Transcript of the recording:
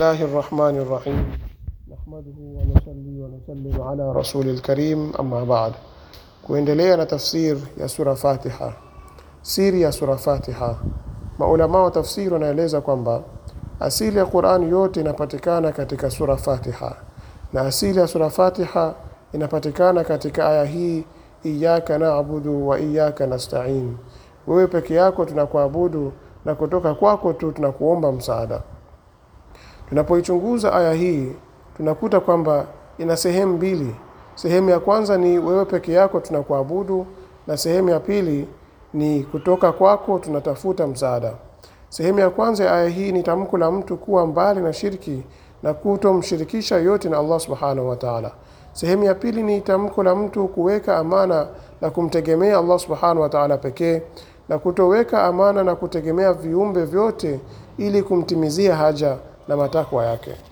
الله الرحمن الرحيم نحمده ونصلي ونسلم على رسول الكريم أما بعد kuendelea na tafsir ya sura Fatiha siri ya sura Fatiha maulamaa wa tafsiri wanaeleza kwamba asili ya Qur'ani yote inapatikana katika sura Fatiha na asili ya sura Fatiha inapatikana katika aya hii iyaka na'budu wa iyaka nasta'in wewe peke yako tunakuabudu na kutoka kwako tu tunakuomba msaada Tunapoichunguza aya hii tunakuta kwamba ina sehemu mbili. Sehemu ya kwanza ni wewe peke yako tunakuabudu, na sehemu ya pili ni kutoka kwako tunatafuta msaada. Sehemu ya kwanza ya aya hii ni tamko la mtu kuwa mbali na shirki na kutomshirikisha yote na Allah subhanahu wa taala. Sehemu ya pili ni tamko la mtu kuweka amana na kumtegemea Allah subhanahu wa taala pekee na kutoweka amana na kutegemea viumbe vyote ili kumtimizia haja na matakwa yake.